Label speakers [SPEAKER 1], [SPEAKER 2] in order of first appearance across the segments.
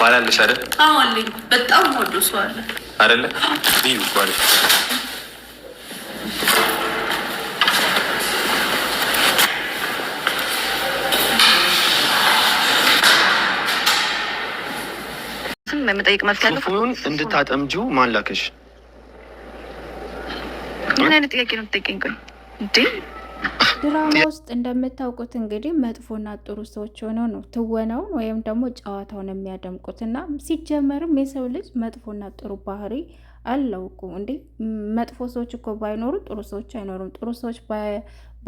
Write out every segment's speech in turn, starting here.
[SPEAKER 1] ባላለሽ አይደል?
[SPEAKER 2] አዎ አለኝ። በጣም ወዶ ሰው አለ
[SPEAKER 1] አይደለ? ልዩ ጓል መጠየቅ መብት ማን ላከሽ?
[SPEAKER 2] ምን አይነት ጥያቄ ነው የምትጠይቀኝ? ድራማ ውስጥ እንደምታውቁት እንግዲህ መጥፎና ጥሩ ሰዎች ሆነው ነው ትወነውን ወይም ደግሞ ጨዋታውን የሚያደምቁት። እና ሲጀመርም የሰው ልጅ መጥፎና ጥሩ ባህሪ አለው እኮ መጥፎ ሰዎች እኮ ባይኖሩ ጥሩ ሰዎች አይኖሩም፣ ጥሩ ሰዎች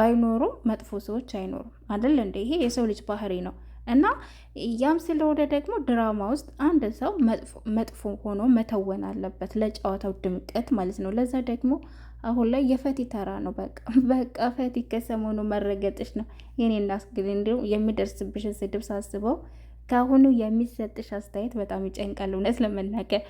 [SPEAKER 2] ባይኖሩ መጥፎ ሰዎች አይኖሩም አይደል እንዴ? ይሄ የሰው ልጅ ባህሪ ነው። እና ያም ስለሆነ ደግሞ ድራማ ውስጥ አንድ ሰው መጥፎ ሆኖ መተወን አለበት፣ ለጨዋታው ድምቀት ማለት ነው። ለዛ ደግሞ አሁን ላይ የፈቲ ተራ ነው። በቃ በቃ ፈቲ ከሰሞኑ መረገጥሽ ነው የኔ እናስግል እንዲሁም የሚደርስብሽን ስድብ ሳስበው ከአሁኑ የሚሰጥሽ አስተያየት በጣም ይጨንቃል። እውነት ለመናገር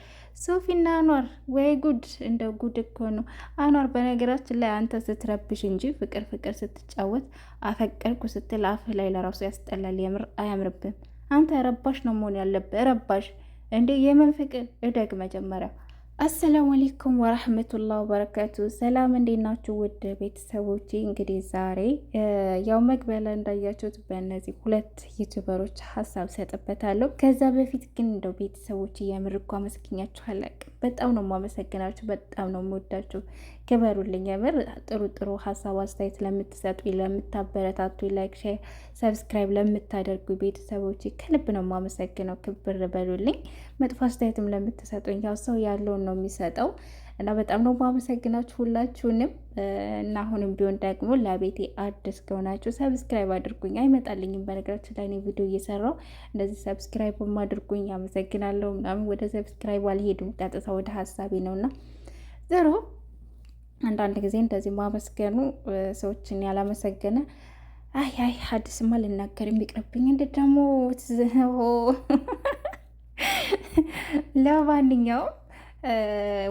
[SPEAKER 2] ሶፊና አኗር ወይ ጉድ! እንደ ጉድ እኮ ነው አኗር። በነገራችን ላይ አንተ ስትረብሽ እንጂ ፍቅር ፍቅር ስትጫወት አፈቀርኩ ስትል አፍ ላይ ለራሱ ያስጠላል። የምር አያምርብም። አንተ ረባሽ ነው መሆን ያለብህ ረባሽ። እንዴ የምን ፍቅር እደግ መጀመሪያ አሰላሙ አሌይኩም ወረህመቱላ ወበረካቱ። ሰላም እንዴት ናችሁ ውድ ቤተሰቦቼ? እንግዲህ ዛሬ ያው መግቢያ ላይ እንዳያችሁት በእነዚህ ሁለት ዩቱበሮች ሀሳብ ሰጥበታለሁ። ከዛ በፊት ግን እንደው ቤተሰቦቼ የምር እኮ አመሰግኛችሁ በጣም ነው የማመሰግናችሁ፣ በጣም ነው የምወዳችሁ። ክበሩልኝ። የምር ጥሩ ጥሩ ሀሳብ አስተያየት ለምትሰጡ፣ ለምታበረታቱ፣ ላይክ፣ ሼር፣ ሰብስክራይብ ለምታደርጉ ቤተሰቦቼ ከልብ ነው የማመሰግነው። ክብር በሉልኝ። መጥፎ አስተያየትም ለምትሰጡኝ ያው ሰው ያለውን ነው የሚሰጠው እና በጣም ነው ማመሰግናችሁ ሁላችሁንም። እና አሁንም ቢሆን ደግሞ ለቤቴ አዲስ ከሆናችሁ ሰብስክራይብ አድርጉኝ። አይመጣልኝም በነገራችን ላይ እኔ ቪዲዮ እየሰራው እንደዚህ ሰብስክራይብም አድርጉኝ። አመሰግናለሁ ምናምን ወደ ሰብስክራይብ አልሄድም፣ ቀጥታ ወደ ሀሳቤ ነው እና ዘሮ አንዳንድ ጊዜ እንደዚህ ማመስገኑ ሰዎችን ያላመሰገነ አይ አይ አዲስማ ልናገር የሚቅርብኝ እንደ ደግሞ ለማንኛውም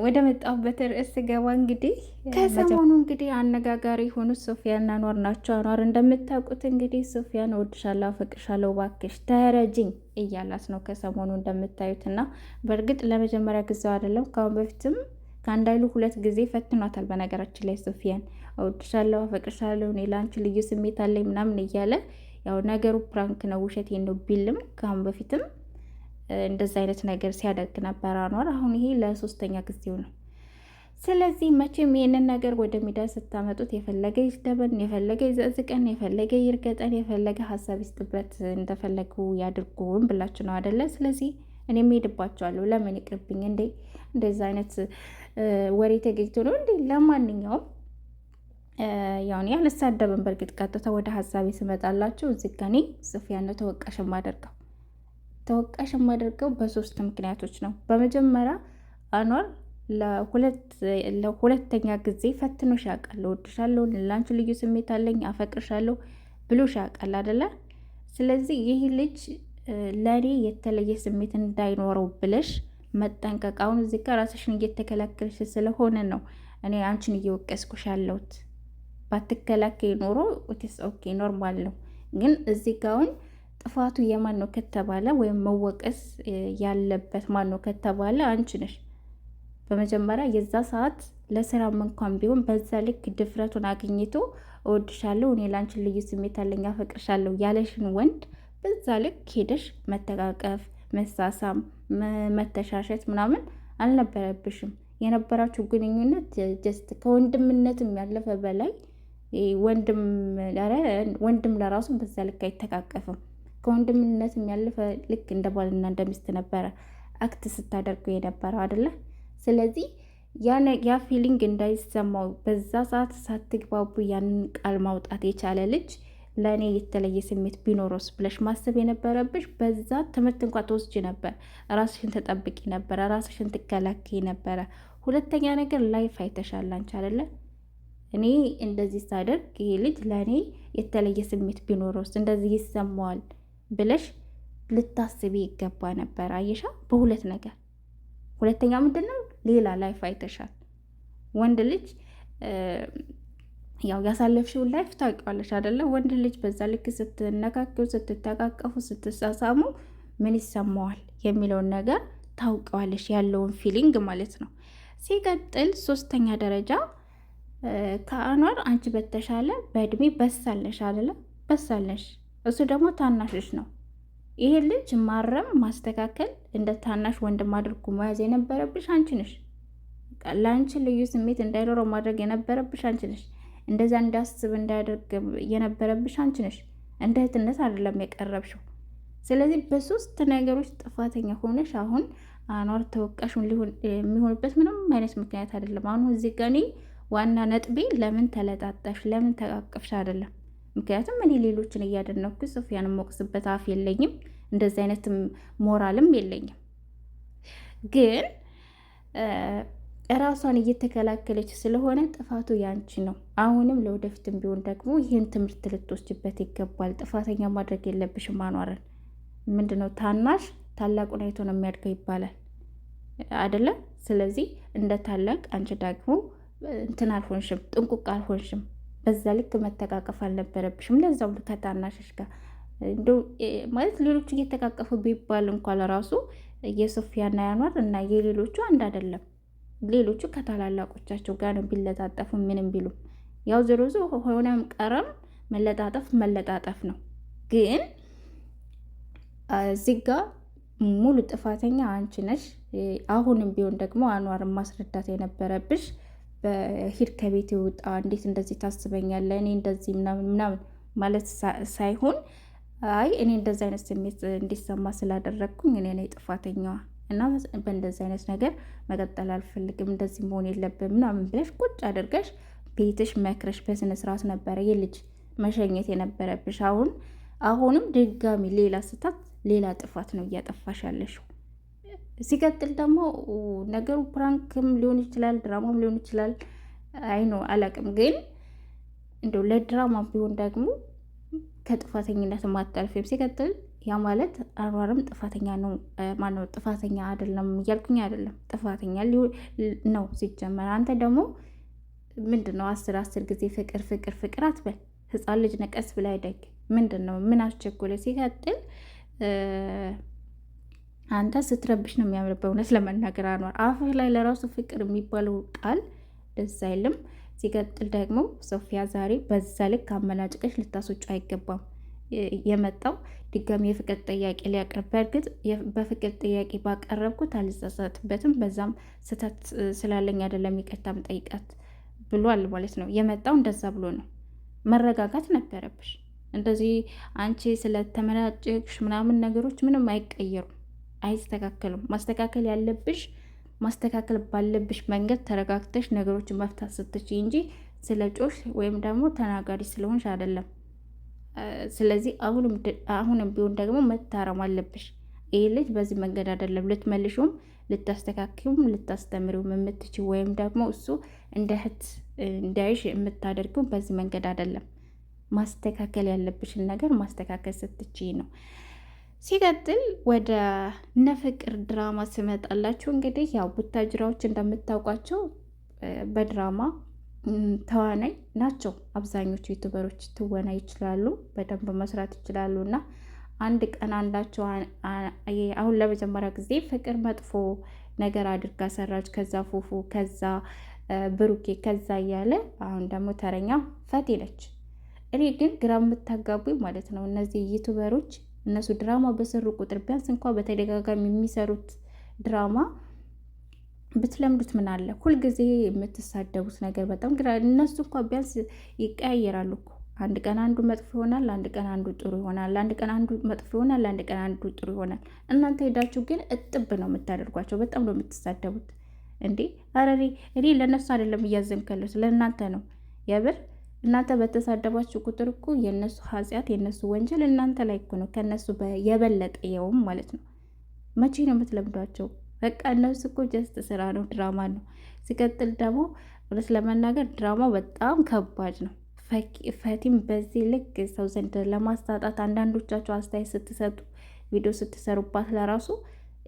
[SPEAKER 2] ወደ መጣሁበት ርዕስ ገባ። እንግዲህ ከሰሞኑ እንግዲህ አነጋጋሪ የሆኑት ሶፊያና አኗር ናቸው። አኗር እንደምታውቁት እንግዲህ ሶፊያን እወድሻለሁ፣ አፈቅርሻለሁ፣ እባክሽ ተረጅኝ እያላት ነው ከሰሞኑ እንደምታዩትና በእርግጥ ለመጀመሪያ ጊዜው አይደለም። ከአሁን በፊትም ከአንድ አይሉ ሁለት ጊዜ ፈትኗታል። በነገራችን ላይ ሶፊያን እወድሻለሁ፣ አፈቅርሻለሁ፣ እኔ ለአንቺ ልዩ ስሜት አለኝ ምናምን እያለ ያው ነገሩ ፕራንክ ነው ውሸቴን ነው ቢልም ከአሁን በፊትም እንደዚህ አይነት ነገር ሲያደርግ ነበር አኗር። አሁን ይሄ ለሶስተኛ ጊዜው ነው። ስለዚህ መቼም ይህንን ነገር ወደ ሚዲያ ስታመጡት የፈለገ ይስደበን፣ የፈለገ ይዘዝቀን፣ የፈለገ ይርገጠን፣ የፈለገ ሀሳብ ይስጥበት፣ እንደፈለጉ ያድርጉን ብላችሁ ነው አደለ? ስለዚህ እኔም ሄድባቸዋለሁ። ለምን ይቅርብኝ እንዴ? እንደዚ አይነት ወሬ ተገኝቶ ነው እንዴ? ለማንኛውም ያውን ያልሳደብን። በእርግጥ ቀጥታ ወደ ሀሳቤ ስመጣላችሁ እዚህ ጋኔ ጽፍ ያነው ተወቃሽ ማደርገው ተወቃሽ የማደርገው በሶስት ምክንያቶች ነው። በመጀመሪያ አኗር ለሁለተኛ ጊዜ ፈትኖሽ ያውቃል። እወድሻለሁ፣ ለአንቺ ልዩ ስሜት አለኝ፣ አፈቅርሻለሁ ብሎሽ ያውቃል አደለ? ስለዚህ ይህ ልጅ ለእኔ የተለየ ስሜት እንዳይኖረው ብለሽ መጠንቀቅ። አሁን እዚህ ጋር ራስሽን እየተከላከልሽ ስለሆነ ነው እኔ አንቺን እየወቀስኩሽ ያለሁት። ባትከላከይ ኖሮ ኦኬ ኖርማል ነው፣ ግን እዚህ ጋውን ጥፋቱ የማን ነው ከተባለ ወይም መወቀስ ያለበት ማን ነው ከተባለ አንቺ ነሽ። በመጀመሪያ የዛ ሰዓት ለስራም እንኳን ቢሆን በዛ ልክ ድፍረቱን አግኝቶ እወድሻለሁ፣ እኔ ላንቺን ልዩ ስሜት አለኝ፣ አፈቅርሻለሁ ያለሽን ወንድ በዛ ልክ ሄደሽ መተቃቀፍ፣ መሳሳም፣ መተሻሸት ምናምን አልነበረብሽም። የነበራችሁ ግንኙነት ጀስት ከወንድምነትም ያለፈ በላይ ወንድም ለራሱ በዛ ልክ አይተቃቀፍም። ከወንድምነት የሚያልፈ ልክ እንደ ባልና እንደ ሚስት ነበረ አክት ስታደርጉ የነበረው አደለ ስለዚህ ያ ፊሊንግ እንዳይሰማው በዛ ሰዓት ሳትግባቡ ያንን ቃል ማውጣት የቻለ ልጅ ለእኔ የተለየ ስሜት ቢኖረውስ ብለሽ ማሰብ የነበረብሽ በዛ ትምህርት እንኳ ተወስጅ ነበር። ራስሽን ተጠብቂ ነበረ፣ ራስሽን ትከላከይ ነበረ። ሁለተኛ ነገር ላይፍ አይተሻል አንቺ እኔ እንደዚህ ሳደርግ ይሄ ልጅ ለእኔ የተለየ ስሜት ቢኖረውስ እንደዚህ ይሰማዋል ብለሽ ልታስቢ ይገባ ነበር። አየሻ በሁለት ነገር ሁለተኛ ምንድን ነው ሌላ ላይፍ አይተሻል። ወንድ ልጅ ያው ያሳለፍሽውን ላይፍ ታውቂዋለሽ አደለ? ወንድ ልጅ በዛ ልክ ስትነካከው፣ ስትተቃቀፉ፣ ስትሳሳሙ ምን ይሰማዋል የሚለውን ነገር ታውቂዋለሽ፣ ያለውን ፊሊንግ ማለት ነው። ሲቀጥል ሶስተኛ ደረጃ ከአኗር አንቺ በተሻለ በእድሜ በሳለሽ አይደለ? በሳለሽ እሱ ደግሞ ልጅ ነው። ይሄ ልጅ ማረም ማስተካከል፣ እንደ ታናሽ ወንድም አድርጎ መያዝ የነበረብሽ አንቺ ነሽ። ለአንቺ ልዩ ስሜት እንዳይኖረው ማድረግ የነበረብሽ አንቺ ነሽ። እንደዛ እንዳስብ እንዳያደርግ የነበረብሽ አንቺ ነሽ። እንደ እህትነት አይደለም የቀረብሽው። ስለዚህ በሶስት ነገሮች ጥፋተኛ ሆነሽ አሁን አኗር ተወቃሽ የሚሆንበት ምንም አይነት ምክንያት አይደለም። አሁን እዚህ እኔ ዋና ነጥቤ ለምን ተለጣጣሽ፣ ለምን ተቃቅፍሽ አይደለም ምክንያቱም እኔ ሌሎችን እያደነኩ ሶፊያን ሞቅስበት አፍ የለኝም፣ እንደዚህ አይነት ሞራልም የለኝም። ግን እራሷን እየተከላከለች ስለሆነ ጥፋቱ ያንቺ ነው። አሁንም ለወደፊትም ቢሆን ደግሞ ይህን ትምህርት ልትወስጅበት ይገባል። ጥፋተኛ ማድረግ የለብሽም አኗረን ምንድነው ታናሽ ታላቁን አይቶ ነው የሚያድገው ይባላል አይደለም? ስለዚህ እንደ ታላቅ አንቺ ደግሞ እንትን አልሆንሽም፣ ጥንቁቅ አልሆንሽም። በዛ ልክ መተቃቀፍ አልነበረብሽም። ለዛው ከታናሽሽ ጋር ማለት ሌሎቹ እየተቃቀፉ ቢባል እንኳን ራሱ የሶፊያና ያኗር እና የሌሎቹ አንድ አይደለም። ሌሎቹ ከታላላቆቻቸው ጋር ነው ቢለጣጠፉ ምንም ቢሉ፣ ያው ዞሮ ዞሮ ሆነም ቀረም መለጣጠፍ መለጣጠፍ ነው። ግን እዚህ ጋ ሙሉ ጥፋተኛ አንቺ ነሽ። አሁንም ቢሆን ደግሞ አኗርን ማስረዳት የነበረብሽ በሂድ ከቤት ይውጣ፣ እንዴት እንደዚህ ታስበኛለህ? እኔ እንደዚህ ምናምን ምናምን ማለት ሳይሆን አይ እኔ እንደዚህ አይነት ስሜት እንዲሰማ ስላደረግኩኝ እኔ ነኝ ጥፋተኛዋ እና በእንደዚህ አይነት ነገር መቀጠል አልፈልግም፣ እንደዚህ መሆን የለብን ምናምን ብለሽ ቁጭ አድርገሽ ቤትሽ መክረሽ በስነ ስርዓት ነበረ የልጅ መሸኘት የነበረብሽ። አሁን አሁንም ድጋሚ ሌላ ስታት ሌላ ጥፋት ነው እያጠፋሽ ያለሽው። ሲቀጥል ደግሞ ነገሩ ፕራንክም ሊሆን ይችላል፣ ድራማም ሊሆን ይችላል። አይኖ አላቅም። ግን እንደው ለድራማ ቢሆን ደግሞ ከጥፋተኝነት ማታልፍም። ሲቀጥል ያ ማለት አኗርም ጥፋተኛ ነው ማነው? ጥፋተኛ አይደለም እያልኩኝ አይደለም፣ ጥፋተኛ ነው ሲጀመር። አንተ ደግሞ ምንድን ነው አስር አስር ጊዜ ፍቅር ፍቅር ፍቅር አትበል። ህፃን ልጅ ነቀስ ብላ አይደግ ምንድን ነው ምን አስቸኮለ? ሲቀጥል አንተ ስትረብሽ ነው የሚያምርበት። እውነት ለመናገር አኗር አፍህ ላይ ለራሱ ፍቅር የሚባለው ቃል ደስ አይልም። ሲቀጥል ደግሞ ሶፊያ ዛሬ በዛ ልክ አመናጭቀሽ ልታስወጩ አይገባም። የመጣው ድጋሚ የፍቅር ጥያቄ ሊያቀርብ በእርግጥ በፍቅር ጥያቄ ባቀረብኩት አልጸጸትበትም፣ በዛም ስህተት ስላለኝ አይደለም ይቅርታ ጠይቃት ብሏል ማለት ነው። የመጣው እንደዛ ብሎ ነው። መረጋጋት ነበረብሽ። እንደዚህ አንቺ ስለተመናጭቅሽ ምናምን ነገሮች ምንም አይቀየሩም። አይስተካከሉም ማስተካከል ያለብሽ ማስተካከል ባለብሽ መንገድ ተረጋግተሽ ነገሮችን መፍታት ስትች እንጂ ስለ ጮሽ ወይም ደግሞ ተናጋሪ ስለሆንሽ አይደለም። ስለዚህ አሁንም ቢሆን ደግሞ መታረም አለብሽ። ይህ ልጅ በዚህ መንገድ አይደለም ልትመልሹም፣ ልታስተካክሙም ልታስተምሪውም የምትች ወይም ደግሞ እሱ እንደ እህት እንዳይሽ የምታደርጊው በዚህ መንገድ አይደለም። ማስተካከል ያለብሽን ነገር ማስተካከል ስትች ነው። ሲቀጥል ወደ ነፍቅር ድራማ ስመጣላችሁ እንግዲህ ያው ቡታጅራዎች እንደምታውቋቸው በድራማ ተዋናይ ናቸው። አብዛኞቹ ዩቱበሮች ትወና ይችላሉ፣ በደንብ መስራት ይችላሉ። እና አንድ ቀን አንዳቸው አሁን ለመጀመሪያ ጊዜ ፍቅር መጥፎ ነገር አድርጋ ሰራች፣ ከዛ ፉፉ፣ ከዛ ብሩኬ፣ ከዛ እያለ አሁን ደግሞ ተረኛ ፈት ይለች። እኔ ግን ግራ የምታጋቡኝ ማለት ነው እነዚህ ዩቱበሮች እነሱ ድራማ በሰሩ ቁጥር ቢያንስ እንኳ በተደጋጋሚ የሚሰሩት ድራማ ብትለምዱት ምን አለ። ሁልጊዜ የምትሳደቡት ነገር በጣም ግራ። እነሱ እንኳ ቢያንስ ይቀያየራሉ እኮ አንድ ቀን አንዱ መጥፎ ይሆናል፣ አንድ ቀን አንዱ ጥሩ ይሆናል፣ አንድ ቀን አንዱ መጥፎ ይሆናል፣ አንድ ቀን አንዱ ጥሩ ይሆናል። እናንተ ሄዳችሁ ግን እጥብ ነው የምታደርጓቸው። በጣም ነው የምትሳደቡት እንዴ! ኧረ እኔ ለእነሱ አይደለም እያዘንከለሁ ለእናንተ ነው የብር እናንተ በተሳደባችሁ ቁጥር እኮ የእነሱ ኃጢአት የእነሱ ወንጀል እናንተ ላይ እኮ ነው ከእነሱ የበለጠ የውም ማለት ነው። መቼ ነው የምትለምዷቸው? በቃ እነሱ እኮ ጀስት ስራ ነው፣ ድራማ ነው። ሲቀጥል ደግሞ እውነት ለመናገር ድራማው በጣም ከባድ ነው። ፈቲም በዚህ ልክ ሰው ዘንድ ለማስታጣት አንዳንዶቻቸው አስተያየት ስትሰጡ ቪዲዮ ስትሰሩባት ለራሱ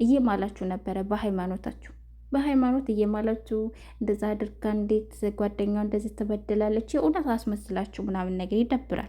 [SPEAKER 2] እየማላችሁ ነበረ በሃይማኖታችሁ በሃይማኖት እየማላችሁ እንደዛ አድርጋ እንዴት ጓደኛው እንደዚህ ትበድላለች፣ የእውነት አስመስላችሁ ምናምን ነገር ይደብራል።